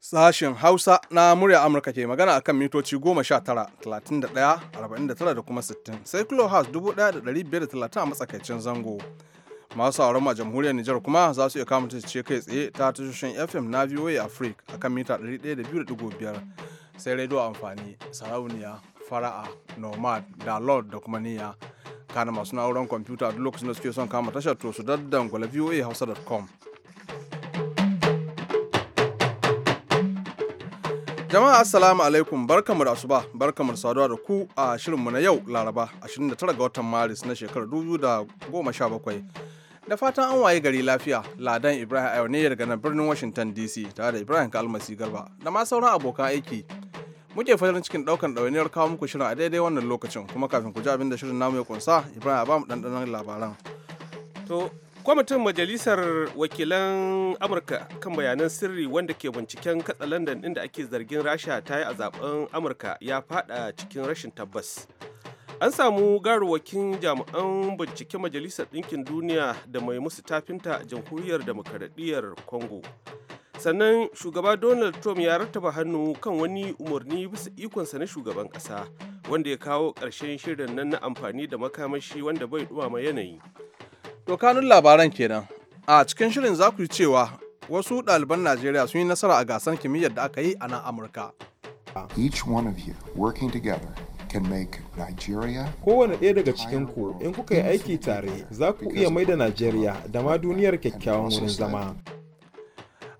Sashen Hausa na murya Amurka ke magana a kan mitoci 19, 31, 49 da kuma 60, sai House 1530 a matsakaicin zango. Masu sauran a jamhuriyar Nijar kuma za su iya kama ce kai tsaye ta tashoshin FM na VOA Africa a kan mita 102.5 sai rediyo amfani, sarauniya, fara'a nomad da lord da kuma niyya kana masu na'urar kwamfuta duk lokacin da suke son kama tashar to su daddangula voa hausa.com jama'a assalamu alaikum barkamu da asuba barkamu da saduwa da ku a shirinmu na yau laraba 29 ga watan maris na shekarar 2017 da fatan an waye gari lafiya ladan ibrahim ayo ne daga nan birnin washington dc tare da ibrahim kalmasi garba da ma sauran abokan aiki muke fadar cikin daukan ɗawainiyar kawo muku shirin a daidai wannan lokacin kuma kafin ku ji abin da shirin namu ya kunsa ibrahim abam ɗanɗanon labaran to kwamitin majalisar wakilan amurka kan bayanan sirri wanda ke binciken katsalandan london da ake zargin rasha ta yi a zaben amurka ya fada cikin rashin tabbas an samu garuwakin jami'an binciken majalisar dinkin duniya da mai musu tafinta jamhuriyar demokaradiyyar congo sannan shugaba donald trump ya rattaba hannu kan wani umarni bisa ikonsa na shugaban kasa wanda ya kawo ƙarshen shirin nan na amfani da makamashi wanda bai dumama yanayi to labaran kenan a cikin shirin za ku yi cewa wasu ɗaliban najeriya sun yi nasara a gasar kimiyyar da aka yi a nan amurka each one of you working together can make Nigeria. Kowane ɗaya daga cikin ku in kuka yi aiki tare za ku iya maida Najeriya da ma duniyar kyakkyawan wurin zama.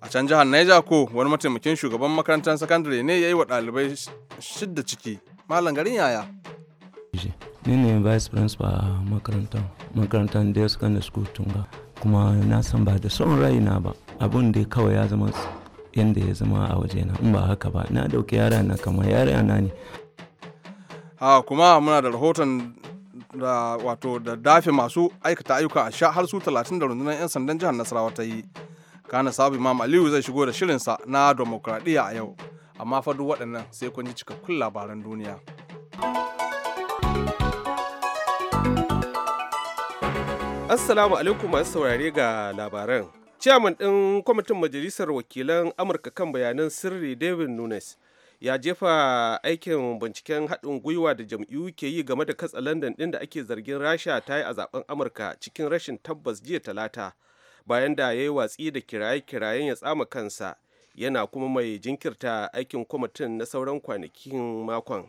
a can jihar Niger ko wani mataimakin shugaban makarantar sakandare ne ya yi wa ɗalibai shidda ciki malam garin yaya ni ne vice principal a makarantar makarantar da secondary school tunga kuma na san ba da son raina ba abun da kawai ya zama yadda ya zama a wajena in ba haka ba na dauki yara na kamar yara na ne ha kuma muna da rahoton da wato da dafe masu aikata ayyuka a sha har su 30 da rundunar 'yan sandan jihar nasarawa ta yi kana sabu imam aliyu zai shigo da shirinsa na demokradiyya a yau amma fa duk waɗannan sai kun ji cikakkun labaran duniya assalamu alaikum masu saurare ga labaran ciyaman ɗin kwamitin majalisar wakilan amurka kan bayanan sirri david nunes ya jefa aikin binciken haɗin gwiwa da jam'iyyu ke yi game da katsa london ɗin da ake zargin rasha ta yi a zaben amurka cikin rashin tabbas jiya talata bayan da ya yi watsi da kiraye-kirayen ya tsama kansa yana kuma mai jinkirta aikin kwamitin na sauran kwanakin makon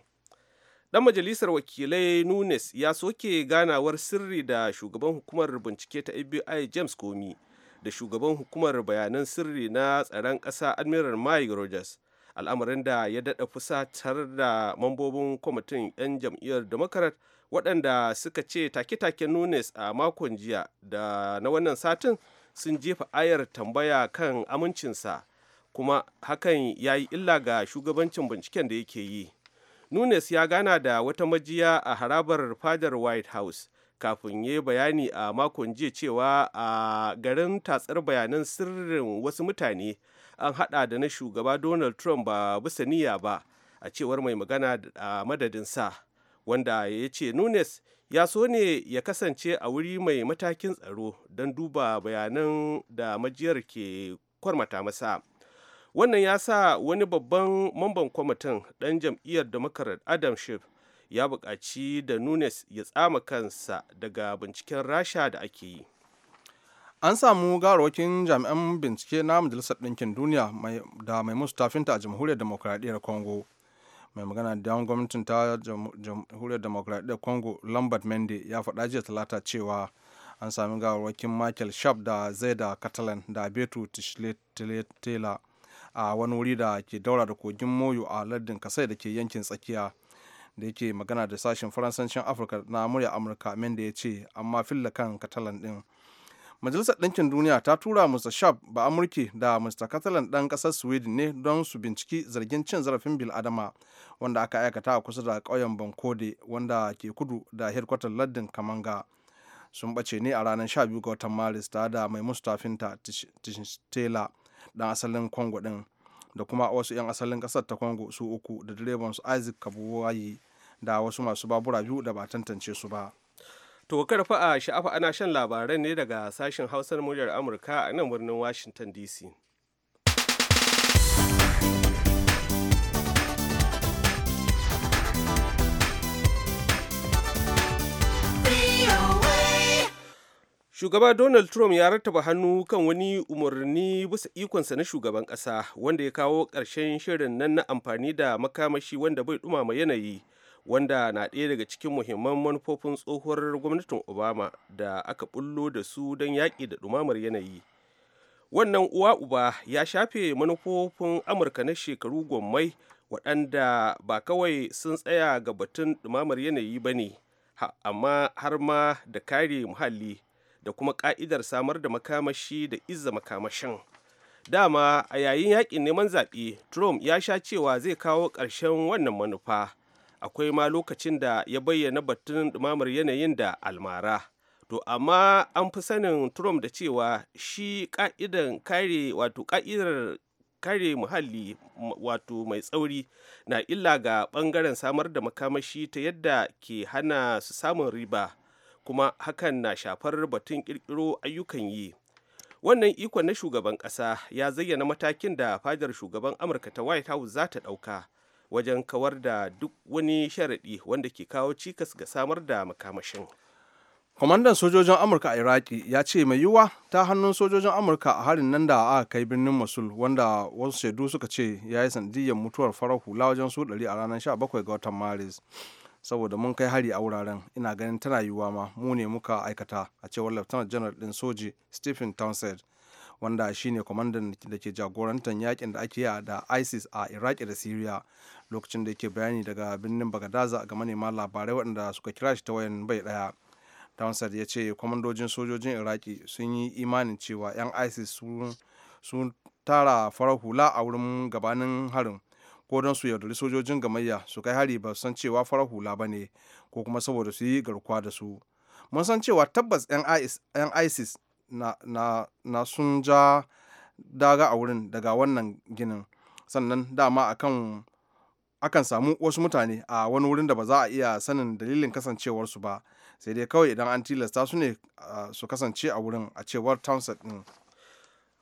ɗan majalisar wakilai nunes ya soke ganawar sirri da shugaban hukumar bincike ta fbi james komi da shugaban hukumar bayanan sirri na tsaron ƙasa admiral mike rogers al'amarin da ya daɗa fusatar da mambobin kwamitin 'yan jam'iyyar democrat waɗanda suka ce take take nunes a makon jiya da na wannan satin sun jefa ayar tambaya kan amincinsa kuma hakan ya yi illa ga shugabancin binciken da yake yi nunes ya gana da wata majiya a harabar fadar white house kafin ya bayani a makon jiya cewa a garin tatsar bayanan sirrin wasu mutane an hada da na shugaba donald trump ba bisa niyya ba a cewar mai magana a madadinsa wanda ya ce nunes ya so ne ya kasance a wuri mai matakin tsaro don duba bayanan da majiyar ke kwarmata masa wannan ya sa wani babban mamban kwamitin ɗan jam'iyyar democrat adam Schiff ya buƙaci da nunes ya tsama kansa daga binciken rasha da ake yi an samu gawarwakin jami'an bincike na majalisar ɗinkin duniya da mai musu tafinta a jamhuriyar demokradiyyar congo mai magana da yawan gwamnatin ta jamhuriyar demokradiyyar congo lambert mende ya faɗa jiya talata cewa an sami gawarwakin michael sharp da zaida catalan da betu tishletela a wani wuri da ke daura da kogin moyo a lardin kasai da ke yankin tsakiya da yake magana da sashen faransancin afirka na murya amurka mende ya ce amma filla kan catalan din majalisar ɗinkin duniya ta tura mr sharp ba amurki da mr catalan ɗan ƙasar sweden ne don su binciki zargin cin zarafin bil'adama wanda aka aikata a kusa da ƙauyen bankode wanda ke kudu da hedkwatar lardin kamanga sun bace ne a ranar 12 ga watan maris tare da mai mustafinta tishtela dan asalin kongo din da kuma wasu 'yan asalin kasar ta kwango su uku da direban su isaac kabuwayi da wasu masu babura biyu da ba tantance su ba to karfa a sha'afa ana shan labaran ne daga sashen hausar muryar amurka a nan birnin washington dc shugaba donald trump ya rattaba hannu kan wani umarni bisa ikonsa na shugaban ƙasa wanda ya kawo ƙarshen shirin nan na amfani da makamashi wanda bai dumama yanayi wanda na ɗaya daga cikin muhimman manufofin tsohuwar gwamnatin obama da aka bullo da su don yaƙi da dumamar yanayi wannan uwa uba ya shafe manufofin amurka na shekaru gwammai waɗanda ba kawai sun tsaya ga batun dumamar yanayi ba ne amma har ma da kare muhalli da kuma ka'idar samar da makamashi da izza makamashin dama a yayin yakin neman zaɓe trump ya sha cewa zai kawo ƙarshen wannan manufa akwai ma lokacin da ya bayyana batun ɗumamar yanayin da almara to amma an fi sanin trump da cewa shi ka'idan kare wato ka'idar kare muhalli wato mai tsauri na illa ga ɓangaren samar da makamashi ta yadda ke hana su samun riba kuma hakan na shafar batun ƙirƙiro ayyukan yi wannan ikon na shugaban ƙasa ya zayyana matakin da fadar shugaban amurka ta white house za ta ɗauka wajen kawar da duk wani sharaɗi wanda ke kawo cikas ga samar da makamashin kwamandan sojojin amurka a iraki ya ce mai yiwuwa ta hannun sojojin amurka a harin nan da aka kai birnin mosul wanda wasu shaidu suka ce ya yi sandiyyar mutuwar farar hula wajen su ɗari a ranar 17 ga watan maris saboda mun kai hari a wuraren ina ganin tana yiwuwa ma mu ne muka aikata a cewar lieutenant general din soji stephen townsend wanda shine kwamandan da ke jagorantar yakin da ake da isis a iraki da syria lokacin da yake bayani daga birnin bagadaza ga manema labarai waɗanda suka kira shi ta wayan bai ɗaya townsend ya ce kwamandojin sojojin iraki sun yi imanin cewa 'yan isis sun tara farar hula a wurin gabanin harin ko don su yaudari sojojin gamayya su kai hari ba san cewa farar hula ba ne ko kuma saboda su yi garkuwa da su mun san cewa tabbas 'yan isis na, sun ja daga a wurin daga wannan ginin sannan dama akan akan samu wasu mutane a wani wurin da ba za a iya sanin dalilin kasancewarsu ba sai dai kawai idan an tilasta su ne su kasance a wurin a cewar townsend din.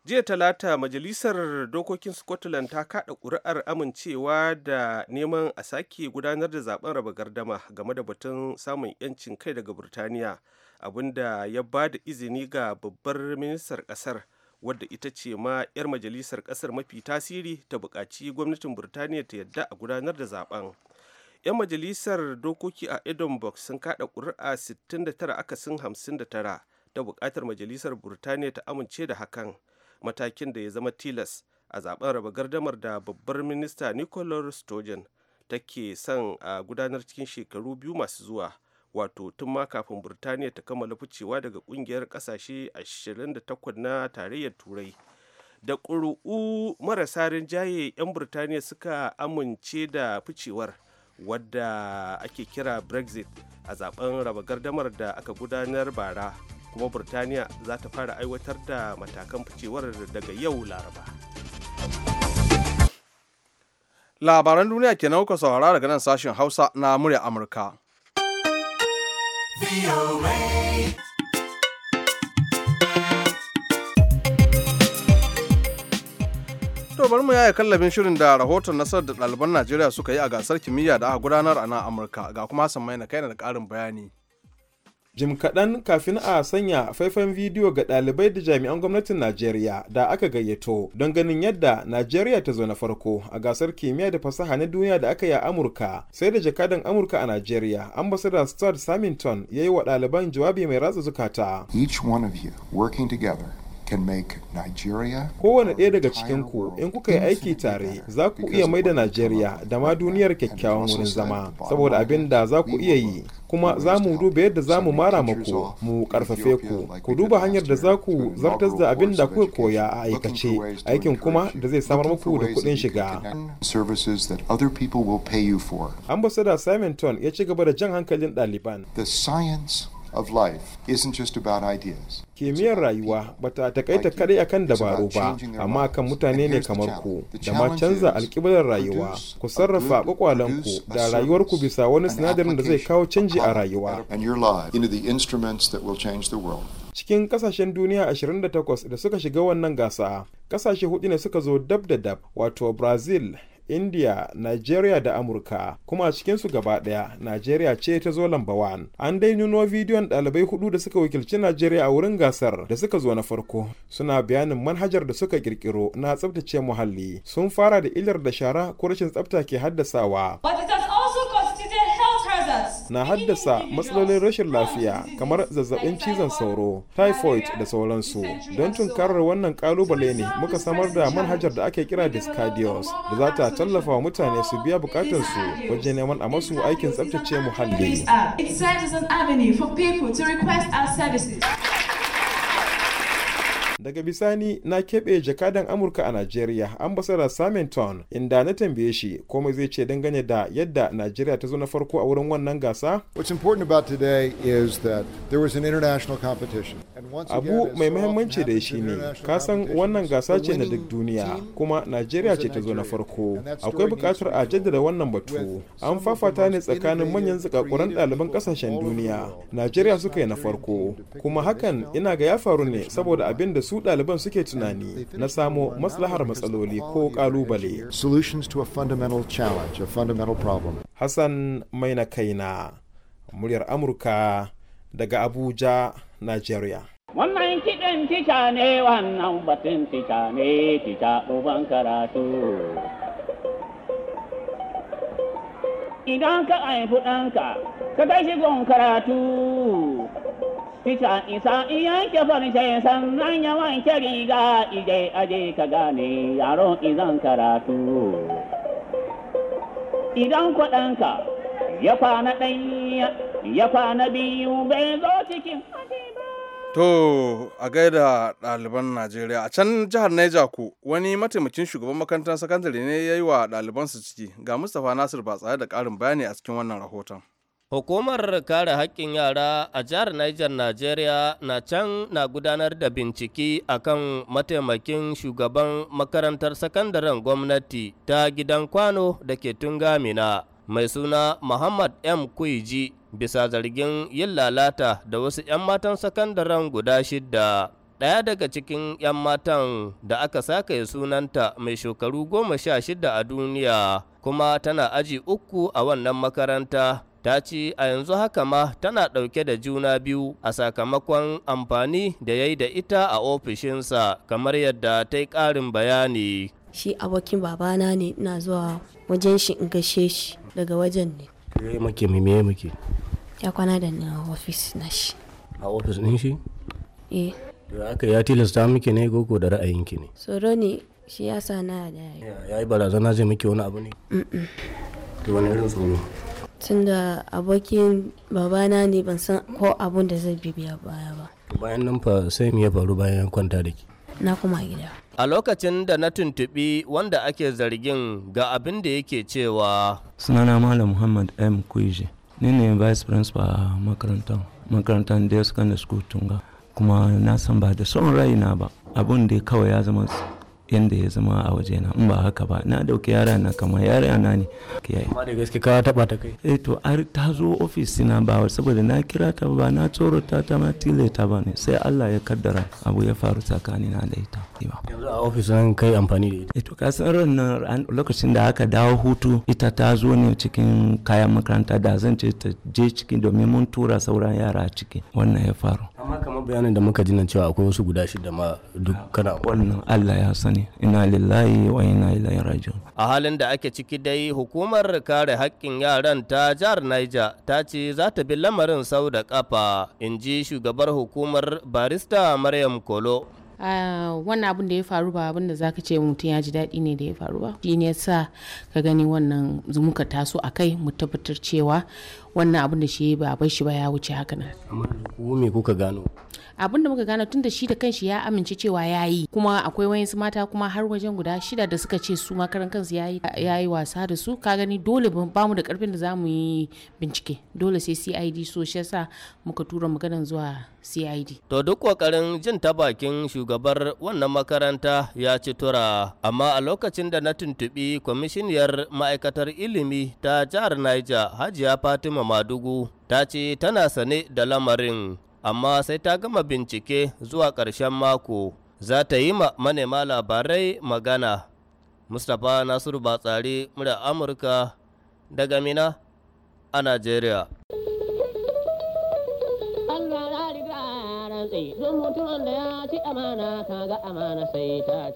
jiya talata majalisar dokokin scotland ta kada ƙuri'ar amincewa da neman a sake gudanar da zaben raba gardama game da batun samun yancin kai daga burtaniya da ya ba da izini ga babbar ministar ƙasar wadda ita ce ma 'yar majalisar ƙasar mafi tasiri ta buƙaci gwamnatin burtaniya ta yadda a gudanar da zaben 'yan majalisar dokoki a edinburgh sun kada kuri'a 69 akasin 59 ta buƙatar majalisar burtaniya ta amince da hakan matakin da ya zama tilas a zaben raba gardamar da babbar minista nicolas sturgeon take son a gudanar cikin shekaru biyu masu zuwa wato tun ma kafin burtaniya ta kammala ficewa daga kungiyar kasashe 28 na tarayyar turai da ƙuri'u marasa rinjaye 'yan burtaniya suka amince da ficewar wadda ake kira brexit a zaben raba gardamar da aka gudanar bara kuma burtaniya za ta fara aiwatar da matakan ficewar daga yau laraba labaran duniya ke nauka saurara daga nan sashen hausa na murya amurka To bari mu yaya kallabin shirin da rahoton nasarar da ɗaliban Najeriya suka yi a gasar kimiyya da aka gudanar a nan Amurka ga kuma Hassan na kai da ƙarin bayani. jim kaɗan kafin a sanya faifan bidiyo ga ɗalibai da jami'an gwamnatin najeriya da aka gayyato don ganin yadda najeriya ta zo na farko a gasar kimiyya da fasaha na duniya da aka yi a amurka sai da jakadan amurka a najeriya ambasada stuart samington ya yi wa ɗaliban jawabi mai ratsa zukata Kowane ɗaya daga cikin ku in kuka yi aiki tare za ku iya maida Najeriya da ma duniyar kyakkyawan wurin zama saboda abin da za ku iya yi kuma za mu duba yadda za mu mara muku mu karfafe ku ku duba hanyar da za ku zartar da abin da kuka koya a aikace aikin kuma da zai samar muku da kuɗin shiga. Ambassador Simonton ya ci gaba da jan hankalin ɗaliban. of life isn't just about ideas. Kimiyyar rayuwa bata takaita kadai akan dabaru ba, amma kan mutane ne kamar ku, da ma canza alkiblar rayuwa, ku sarrafa kwakwalanku da rayuwarku bisa wani sinadarin da zai kawo canji a rayuwa. Cikin kasashen duniya 28 da suka shiga wannan gasa, kasashe hudu ne suka zo dab da dab, wato Brazil, india nigeria da amurka kuma cikinsu gaba daya nigeria ce ta zo lamba 1 an dai nuno bidiyon dalibai hudu da suka wakilci nigeria a wurin gasar da suka zo na farko suna bayanin manhajar da suka kirkiro na tsabtace muhalli sun fara da illar da shara ko rashin tsabta ke haddasawa na haddasa matsalolin rashin lafiya kamar zazzabin cizon sauro typhoid da sauransu don tunkarar wannan kalubale ne muka samar da manhajar da ake kira discardios da za ta tallafa wa mutane su biya bukatarsu wajen neman a masu aikin tsabtace muhalli. daga bisani na keɓe jakadan amurka a najeriya ambassador samington inda na tambaye shi komai zai ce dangane da yadda najeriya ta zo na farko a wurin wannan gasa abu mai mahimmanci da shi ne kasan wannan gasa ce na duk duniya kuma najeriya ce ta zo na farko akwai bukatar a jaddada wannan batu an fafata ne tsakanin manyan zakakuran ɗaliban ƙasashen duniya najeriya suka yi na farko kuma hakan ina ga ya faru ne saboda abin da su su ɗaliban suke tunani na samo maslahar matsaloli ko ƙalubale. Hassan mai na kaina, muryar Amurka daga Abuja, Nigeria. Wannan kiɗin tica ne wannan batun tica ne tica ɗuban karatu. Idan ka haifi ɗanka, ka kai shi karatu. Isa isa iya ke farce sannan ya wanke riga ije aje ka gane yaro izan karatu. Idan kuɗanka ya kwana ɗaya ya kwana biyu bai zo cikin To a gaida ɗaliban Najeriya a can jihar Neja ku wani mataimakin shugaban makarantar sakandare ne ya yi wa ɗalibansu ciki ga Mustapha Nasir ba tsare da ƙarin bayani a cikin wannan rahoton. Hukumar kare haƙƙin yara a jihar Niger Najeriya na can na gudanar da bincike akan mataimakin shugaban makarantar sakandaren gwamnati ta gidan kwano da ke Tungamina mai suna Muhammad M. Kuiji bisa zargin yin lalata da wasu 'yan matan sakandaren guda shidda. Ɗaya daga cikin 'yan matan da aka sake sunanta mai shekaru goma sha shida a duniya kuma tana aji uku a wannan makaranta. ta ce a yanzu haka ma tana ɗauke da juna biyu a sakamakon amfani da ya yi da ita a ofishinsa kamar yadda ta yi ƙarin bayani. Shi abokin babana ne ina zuwa wajen shi in gashe shi daga wajen ne. Me muke me me muke? Ya kwana da ni a ofis na shi. A ofis ɗin shi? Eh. Da aka ya tilasta miki ne gogo da ra'ayinki ne? Tsoro ne shi ya sa na da ya yi. Ya yi barazana zai miki wani abu ne? To wani irin tsoro? tunda abokin babana ne ban san ko abun da zai bibiya baya ba bayan nan fa sai me ya faru bayan kwanta da ke. na kuma gida a lokacin da na tuntubi wanda ake zargin ga abin da yake cewa sunana malam muhammad m kuije ni ne vice principal a makarantar makarantar da ya school tunga kuma na san ba da son raina ba abun da kawai ya zama yadda ya zama a waje na in ba haka ba na dauki yara na kama yara na ne amma da gaske ka taba ta kai eh to har ta zo ofis na ba saboda na kira ta ba na tsorata ta ma tile ta ba ne sai Allah ya kaddara abu ya faru tsakanin na da ita daɗi ba. Yanzu a ofis an kai amfani da ita. Ito eh, kasan ranar lokacin da aka dawo hutu ita ta zo ne cikin kayan makaranta da zan ce ta je ciki domin mun tura sauran yara ciki wannan ya faru. Amma kamar bayanin da muka ji nan cewa akwai wasu guda shida ma duk kana. Wannan Allah ya sani ina lillahi wa ina ilaihi raji'un. A halin da ake ciki dai hukumar kare haƙƙin yaran ta jihar Niger ta ce za ta bi lamarin sau da kafa in ji shugabar hukumar barista Maryam Kolo. Ah, wannan abin da ya faru ba abin da zaka ce mutum ya ji daɗi ne da ya faru ba shi ne sa ka gani wannan zumuka taso a kai mu tabbatar cewa wannan abin da shi ba bar shi ba ya wuce haka nan amma ko me kuka gano abin da muka gano tun da shi da kanshi ya amince cewa ya yi kuma akwai wayansu mata kuma har wajen guda shida da suka ce su makaran kansu ya yi wasa da su ka gani dole ba mu da karfin da za mu yi bincike dole sai cid so shi yasa muka tura maganan zuwa cid to duk kokarin jin ta bakin shugabar wannan makaranta ya ci tura amma a lokacin da na tuntubi kwamishiniyar ma'aikatar ilimi ta jihar niger hajiya fatima Madugu ta ce tana sane da lamarin amma sai ta gama bincike zuwa ƙarshen mako za ta yi ma manema labarai magana. Mustapha Nasiru Batsari mura Amurka daga Mina a Najeriya. da ya ci kaga amana sai ta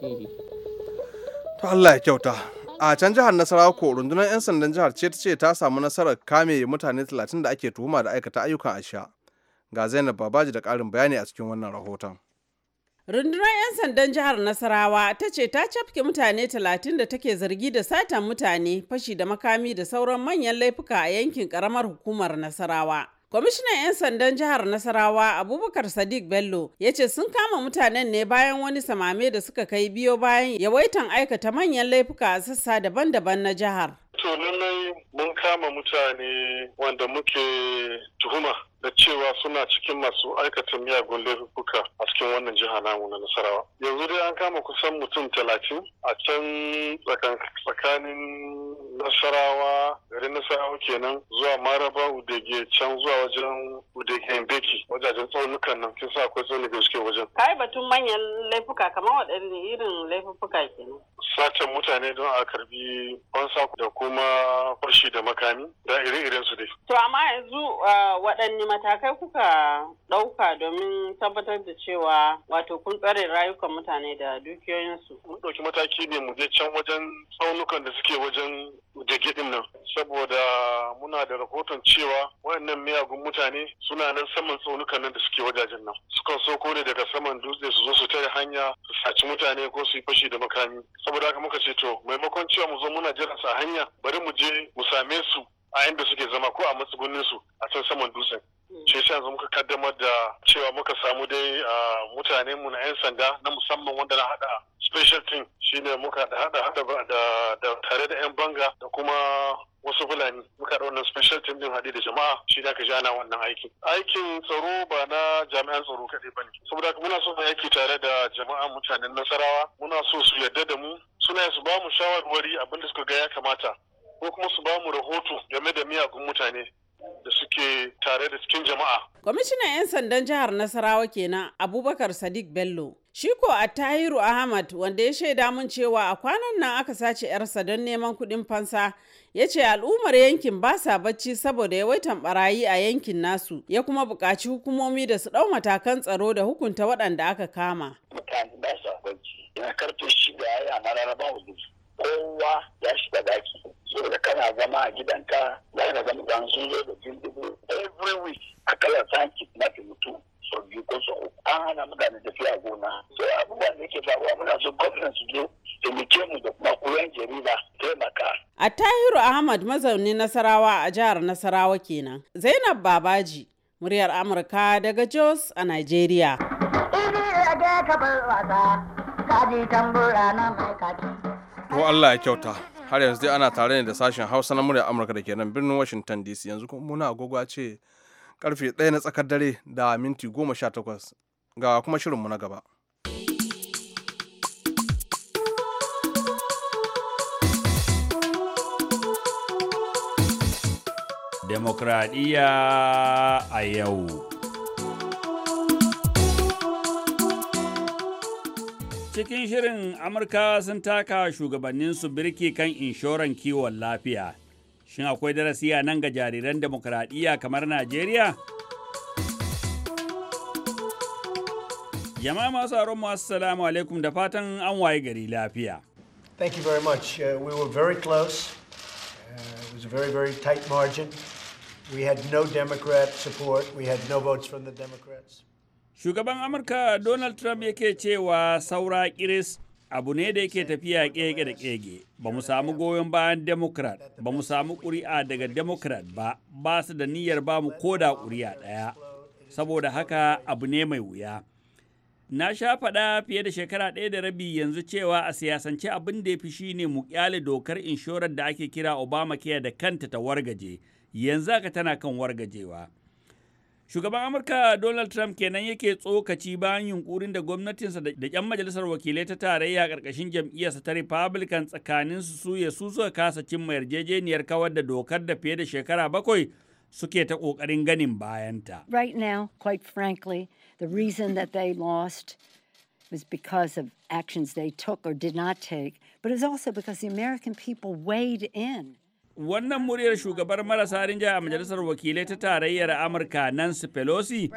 To Allah ya kyauta. a can jihar nasarawa ko rundunar 'yan sandan jihar ce ta ce ta samu nasarar kame mutane 30 da ake tuhuma da aikata ayyukan asha ga zainab babaji da ƙarin bayani a cikin wannan rahoton rundunar 'yan sandan jihar nasarawa ta ce ta cafke mutane 30 da take zargi da satan mutane fashi da makami da sauran manyan laifuka a yankin karamar hukumar nasarawa Kwamishinan 'yan sandan jihar Nasarawa Abubakar Sadiq Bello ya ce sun kama mutanen ne bayan wani samame da suka kai biyo bayan yawaitan aikata manyan laifuka a sassa daban-daban na jihar. To lallai mun kama mutane wanda muke tuhuma da cewa suna cikin masu aikata miyagun laifuka a cikin wannan jiha namu na Nasarawa. Yanzu dai an kama kusan mutum talatin a can tsakanin nasarawa garin nasarawa kenan zuwa maraba udege can zuwa wajen udegen beki wajajen tsaunukan nan kin sa akwai tsaunukan da suke wajen kai batun manyan laifuka kamar waɗanne irin laifuka kenan sacen mutane don a karbi fansa da kuma farshi da makami da ire-iren su dai to amma yanzu waɗanne matakai kuka ɗauka domin tabbatar da cewa wato kun tsare rayukan mutane da dukiyoyinsu mun ɗauki mataki ne mu je can wajen tsaunukan da suke wajen jage nan saboda muna da rahoton cewa wayannan miyagun mutane suna nan saman tsaunukan nan da suke wajajen nan sukan ko ne daga saman dutse su zo su tare hanya su saci mutane ko su yi fashi da makami saboda haka muka ce to maimakon cewa mu zo muna jira sa hanya bari mu je mu same su a inda suke zama ko a matsugunin su a can saman dutsen shi sai yanzu muka kaddamar da cewa muka samu dai mutane mu na 'yan sanda na musamman wanda na hada special team shine muka hada hada da tare da 'yan banga da kuma wasu fulani muka da wannan special team din haɗe da jama'a shi da ka ji ana wannan aikin aikin tsaro ba na jami'an tsaro kaɗai ba ne saboda muna so mu aiki tare da jama'a mutanen nasarawa muna so su yarda da mu suna su ba mu shawarwari abin da suka ga ya kamata ko kuma su ba mu rahoto game da miyagun mutane da suke tare da cikin jama'a. Kwamishinan 'yan sandan jihar Nasarawa kenan Abubakar Sadiq Bello. Shi ko a Tahiru Ahmad wanda ya shaida mun cewa a kwanan nan aka sace 'yarsa don neman kuɗin fansa ya ce al'ummar yankin ba sa bacci saboda yawaitan barayi a yankin nasu ya kuma buƙaci hukumomi da su ɗau matakan tsaro da hukunta waɗanda aka kama. Mutane ba sa Ahmad mazaunin Nasarawa a jihar Nasarawa kenan. Zainab Babaji, muryar Amurka daga Jos a Najeriya. To Allah ya kyauta. Har yanzu dai ana tare ne da sashen Hausa na muryar Amurka da ke nan birnin Washington DC yanzu kuma muna agogo ce karfe ɗaya na tsakar dare da minti goma takwas, ga kuma shirinmu na gaba. demokradiyya a yau. Cikin shirin Amurka sun taka shugabannin su birki kan inshoran kiwon lafiya. Shin akwai darasi a nan ga jariran demokradiyya kamar Najeriya? Jama'a masu aron masu salamu alaikum da fatan an waye gari lafiya. Thank you very much. Uh, we were very close. Uh, it was a very, very tight margin. We had no Democrat support. We had no votes from the Democrats. Shugaban Amurka Donald Trump yake cewa saura kiris abu ne da yake tafiya kege da kege. Ba mu samu goyon bayan Democrat, ba mu samu ƙuri'a daga Democrat ba, ba su da niyyar ba mu koda ƙuri'a ɗaya. Saboda haka abu ne mai wuya. Na sha faɗa fiye da shekara ɗaya da rabi yanzu cewa a siyasance abin da ya fi shine mu kyale dokar inshorar da ake kira Obamacare da kanta ta wargaje. yanzu haka tana kan wargajewa. Shugaban Amurka Donald Trump kenan yake tsokaci bayan yunkurin da gwamnatinsa da 'yan majalisar wakilai ta tarayya ƙarƙashin jam'iyyarsa ta Republican tsakanin su suya su suka kasa cimma yarjejeniyar kawar da dokar da fiye da shekara bakwai suke ta ƙoƙarin ganin bayanta. Right now, quite frankly, the reason that they lost was because of actions they took or did not take, but it's also because the American people weighed in. Wannan muryar shugabar marasa rinja a majalisar wakilai ta tarayyar Amurka Nancy Pelosi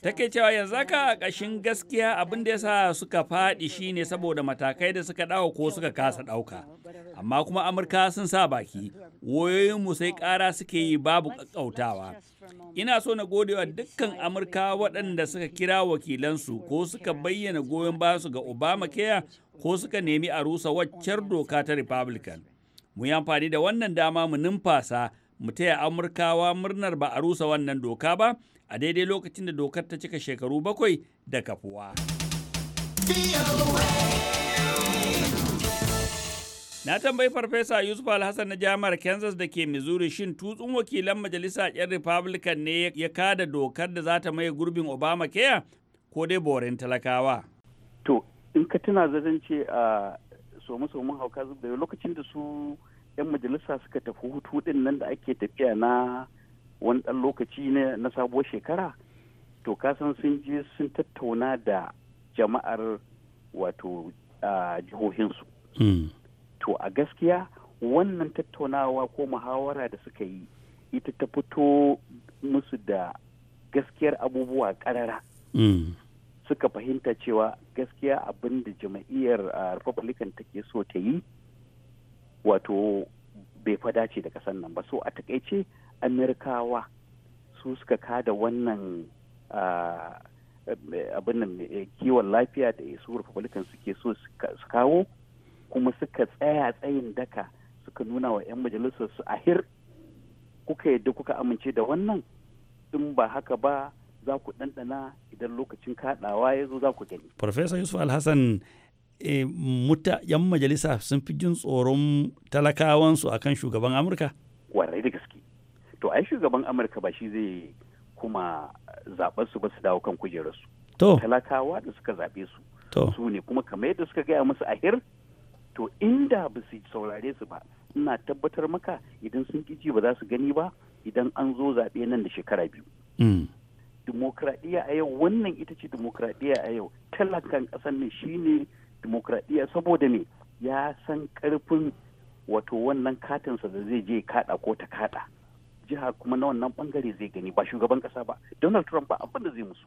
ta ke cewa yanzu a ƙashin gaskiya abin da ya sa suka faɗi shine saboda matakai da suka ɗauka ko suka kasa ɗauka. Amma kuma Amurka sun sa baki, wayoyinmu sai ƙara suke yi babu ƙaƙƙautawa. Ina so na gode wa dukkan Amurka waɗanda suka kira wakilansu ko suka bayyana goyon basu ga Obama Obamacare ko suka nemi a rusa waccar doka ta Republican. mu yi amfani da wannan dama mu numfasa mu taya amurkawa murnar ba a rusa wannan doka ba a daidai lokacin da dokar ta cika shekaru bakwai da kafuwa. Na tambayi Farfesa Yusuf Alhassan na jami'ar Kansas da ke Missouri shin tutsun wakilan majalisa 'yan Republican ne ya kada dokar da za ta maye gurbin Obama ko dai borin talakawa? To, in ka tuna zan ce a ah, some-somen hauka da lokacin da su 'yan majalisa suka tafi hutu din nan da ake tafiya na wani ɗan lokaci na sabuwar shekara to kasan sun je sun tattauna da jama'ar wato jihohinsu hmm. to a gaskiya wannan tattaunawa ko muhawara da suka yi ita ta fito musu da gaskiyar abubuwa ƙarara hmm. suka fahimta cewa gaskiya abin da jama'iyyar republican take so ta yi wato bai fada ce da kasan nan ba so a takaice amerikawa su suka kada wannan abin nan eh, kiwon lafiya da su republican suke so su kawo kuma suka tsaya tsayin daka suka nuna wa 'yan majalisar su ahir kuka yadda kuka amince da wannan in ba haka ba za ku ɗanɗana idan lokacin kaɗawa ya zo za ku gani. Farfesa Yusuf Alhassan eh, yan majalisa sun fi jin tsoron talakawansu akan shugaban Amurka? Warai da gaske. To ai shugaban Amurka ba shi zai kuma zaɓar su ba su dawo kan kujerarsu. To. Talakawa da suka zaɓe su. To. Su ne kuma kamar yadda suka gaya musu ahir to inda ba su saurare su ba ina tabbatar maka idan sun ƙiji ba za su gani ba idan an zo zaɓe nan da shekara biyu. Mm. dimokuraɗiyya a yau wannan ita ce dimokuraɗiyya a yau talakan ƙasar shi shine dimokuraɗiyya saboda ne ya san ƙarfin wato wannan katinsa da zai je kaɗa ko ta kaɗa jiha kuma na wannan bangare zai gani ba shugaban ƙasa ba donald trump ba abin da zai musu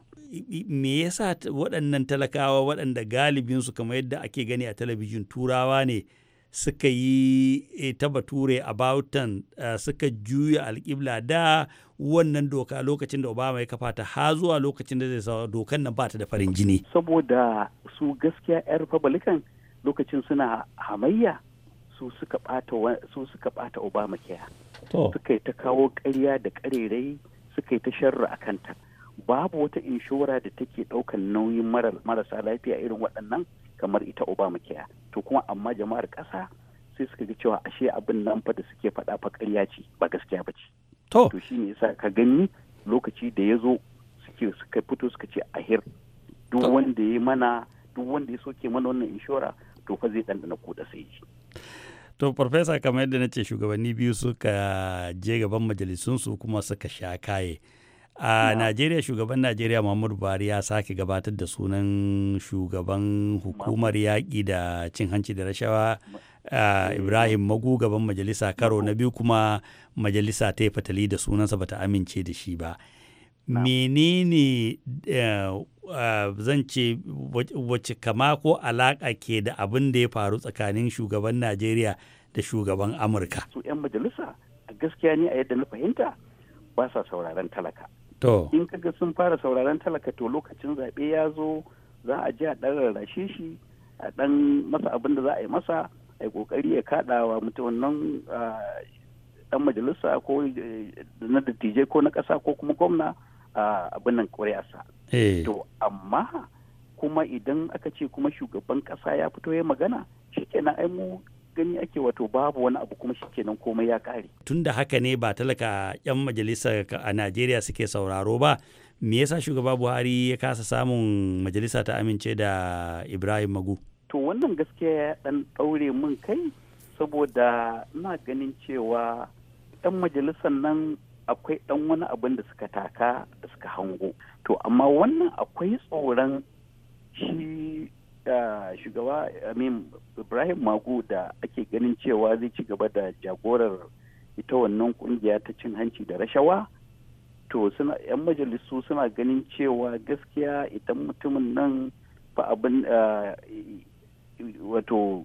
me yasa waɗannan talakawa waɗanda galibinsu kamar yadda ake gani a talabijin turawa ne suka yi eh, ta bature abautan eh, suka juya alƙibla da wannan doka lokacin da obama ya kafa ta ha zuwa lokacin da zai sa dokan nan bata da farin jini saboda su gaskiya 'yan republican lokacin suna hamayya su suka bata su obama kiya suka yi ta kawo ƙarya da ƙarerai suka yi ta sharra a kanta babu wata inshora da take ɗaukan nauyin marasa lafiya irin waɗannan kamar ita obama kiya to kuma amma jama'ar ƙasa sai suka ga cewa ashe abin nan fa da suke faɗa fa ƙarya ce ba gaskiya ba ce to to shine yasa ka gani lokaci da ya zo suke suka fito suka ce ahir duk wanda ya mana duk wanda ya soke mana wannan inshora to fa zai ɗanɗana kuɗa sai ji to farfesa kamar yadda na ce shugabanni biyu suka je gaban su kuma suka sha kaye a najeriya shugaban najeriya muhammadu buhari ya sake gabatar da sunan shugaban hukumar yaƙi da cin hanci da rashawa eh, ibrahim magu gaban majalisa karo na biyu kuma majalisa ta yi fatali da sunansa bata amince da shi ba menene eh, zan ce wacce kama ko alaƙa ke da abin da ya faru tsakanin shugaban najeriya da shugaban amurka su 'yan majalisa gaskiya ne a yadda na fahimta ba sa sauraron talaka in ka ga sun fara sauraron talaka to lokacin zaɓe ya zo za a ji a ɗan rarrashe shi a ɗan masa abin da za a yi masa a yi ƙoƙari ya kaɗa wa mutum nan ɗan majalisa ko eh, na dattijai ko na ƙasa ko kuma gwamna abin nan ƙuri'arsa. Eh. To amma kuma idan aka ce kuma shugaban ƙasa ya fito ya magana shi kenan ai mu gani ake wato babu wani abu kuma kenan komai ya kare tun da haka ne ba talaka yan majalisa a najeriya suke sauraro ba me yasa shugaba buhari ya kasa samun majalisa ta amince da ibrahim magu to wannan gaskiya ya dan ɗaure min kai saboda ina ganin cewa yan majalisar nan akwai ɗan wani abin da suka taka da suka hango to amma wannan akwai tsoron shi shugaba amin ibrahim magu da ake ganin cewa zai ci gaba da jagorar ita wannan kungiya ta cin hanci da rashawa to suna yan majalisu suna ganin cewa gaskiya idan mutumin nan ba abin eh, wato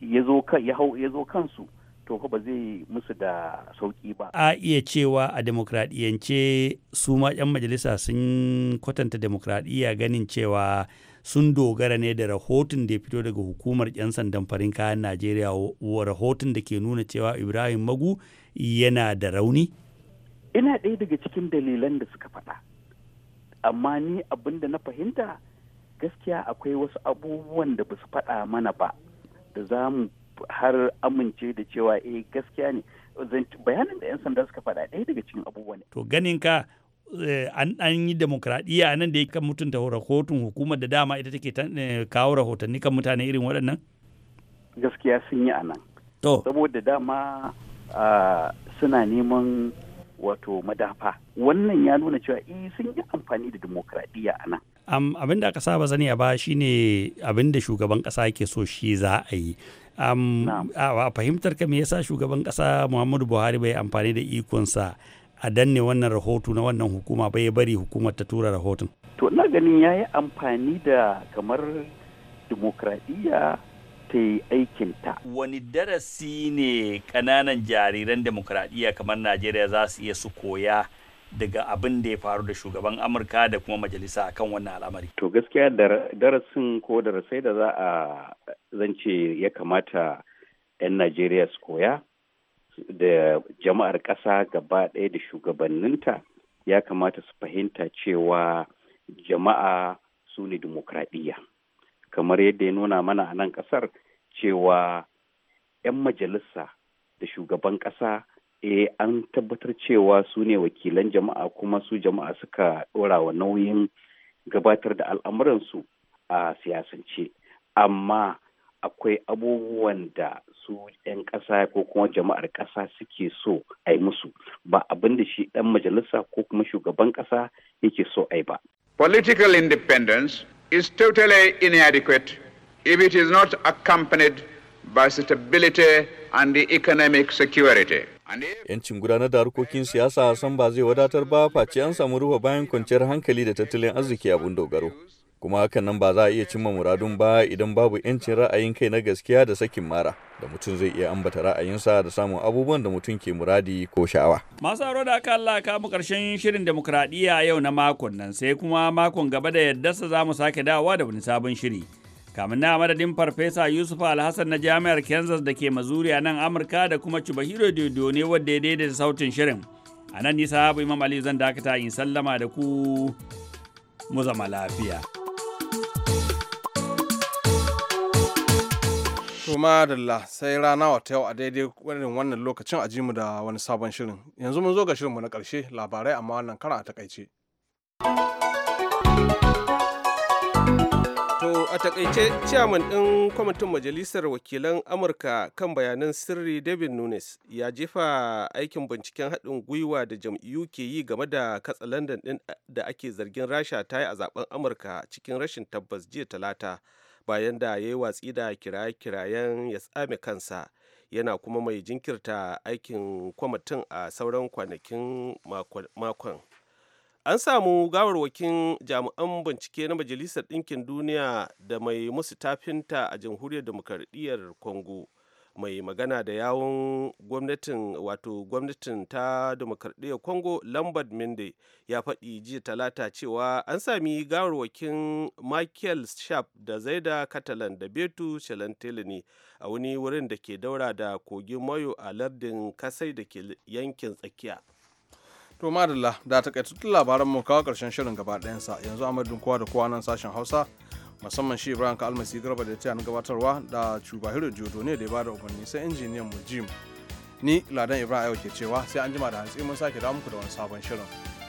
ya zo kansu to ba zai musu da sauki ba. A iya cewa a demokradiyance su ma 'yan majalisa sun kwatanta demokradiyya ganin cewa sun dogara ne da rahoton da ya fito daga hukumar 'yan sandan farin kayan najeriya wa rahoton da ke nuna cewa ibrahim magu yana da rauni ina ɗaya daga cikin dalilan da suka faɗa amma ni abin da na fahimta gaskiya akwai wasu abubuwan da basu su faɗa mana ba da za mu har amince da cewa eh gaskiya ne bayanin da 'yan sanda suka faɗa ɗaya daga cikin abubuwan to ganin ka Eh, an an yi demokradiyya nan da ya kan mutunta rahoton hukumar da dama ita take eh, kawo rahotanni kan mutane irin waɗannan? Gaskiya sun yi a nan. To. Saboda dama suna neman wato madafa. Wannan ya nuna cewa eh sun yi amfani da demokradiyya a nan. Um, abin da aka saba zani a ba ne abin da shugaban ƙasa ke so shi za a yi. Um, a fahimtar ka me yasa shugaban ƙasa Muhammadu Buhari bai amfani da ikonsa a danne wannan rahoto na wannan hukuma ba ya bari hukumar ta tura rahoton to na ganin ya yi amfani da kamar dimokuraɗiyya ta yi aikinta wani darasi ne ƙananan jariran demokradiyya kamar najeriya za su iya su koya daga abin da ya faru da shugaban amurka da kuma majalisa akan wannan al'amari to gaskiya darasin ko darasai da za a zance ya kamata 'yan najeriya su koya da jama'ar ƙasa gaba ɗaya da shugabanninta ya kamata su fahimta cewa jama'a su ne dimokuraɗiyya kamar yadda ya nuna mana a nan ƙasar cewa 'yan majalisa da shugaban ƙasa e, an tabbatar cewa su ne wakilan jama'a kuma su jama'a suka ɗora wa nauyin gabatar da al'amuransu a siyasance amma akwai abubuwan da su 'yan ƙasa ko kuma jama'ar ƙasa suke so a yi musu ba abin da shi ɗan majalisa ko kuma shugaban ƙasa yake so a yi ba. Political independence is totally inadequate if it is not accompanied by stability and the economic security. Yancin gudanar da harkokin siyasa san ba zai wadatar ba face an samu rufe bayan kwanciyar hankali da tattalin arziki abun dogaro. kuma hakan nan ba za a iya cimma muradun ba idan babu yancin ra'ayin kai na gaskiya da sakin mara da mutum zai iya ambata ra'ayinsa da samun abubuwan da mutum ke muradi ko sha'awa. Masu aro da aka Allah kamu karshen shirin demokradiyya yau na makon nan sai kuma makon gaba da yadda za mu sake dawowa da wani sabon shiri. kamun na madadin Farfesa Yusuf Alhassan na Jami'ar Kansas da ke mazuriya a nan Amurka da kuma cibahiro Dodo ne wadda ya daidaita sautin shirin. A nan nisa Imam Ali zan dakata in sallama da ku mu zama lafiya. To madalla sai rana wata yau a daidai wannan lokacin a mu da wani sabon shirin. Yanzu mun zo ga shirinmu na ƙarshe labarai amma wannan karan a takaice. To a takaice ciyaman ɗin kwamitin majalisar wakilan Amurka kan bayanan sirri David Nunes ya jefa aikin binciken haɗin gwiwa da jam'iyyu ke yi game da katsa London ɗin da ake zargin Rasha ta yi a zaben Amurka cikin rashin tabbas jiya talata. bayan da ya yi watsi da kiraye-kirayen ya tsame kansa yana kuma mai jinkirta aikin kwamitin a sauran kwanakin makon an samu gawarwakin jami'an bincike na majalisar ɗinkin duniya da mai musu tafinta a jamhuriyar demokradiyyar congo mai magana da yawon gwamnatin wato gwamnatin ta demokradiyyar kongo lambert mende ya faɗi jiya talata cewa an sami gawarwakin michael sharp da zaida catalan da betu shalantele ne a wani wurin da ke daura da kogin mayo a lardin kasai da ke yankin tsakiya to madalla da takaitattun labaran mu kawo karshen shirin gaba ɗayansa yanzu amadu kowa da kowa nan sashen hausa musamman shi ibrahim ka almasi garba da ta gabatarwa da cubahiro jodo ne da ya bada umarni sai injiniyan mu jim ni ladan ibrahim ke cewa sai an jima da hantsi mun sake da muku da wani sabon shirin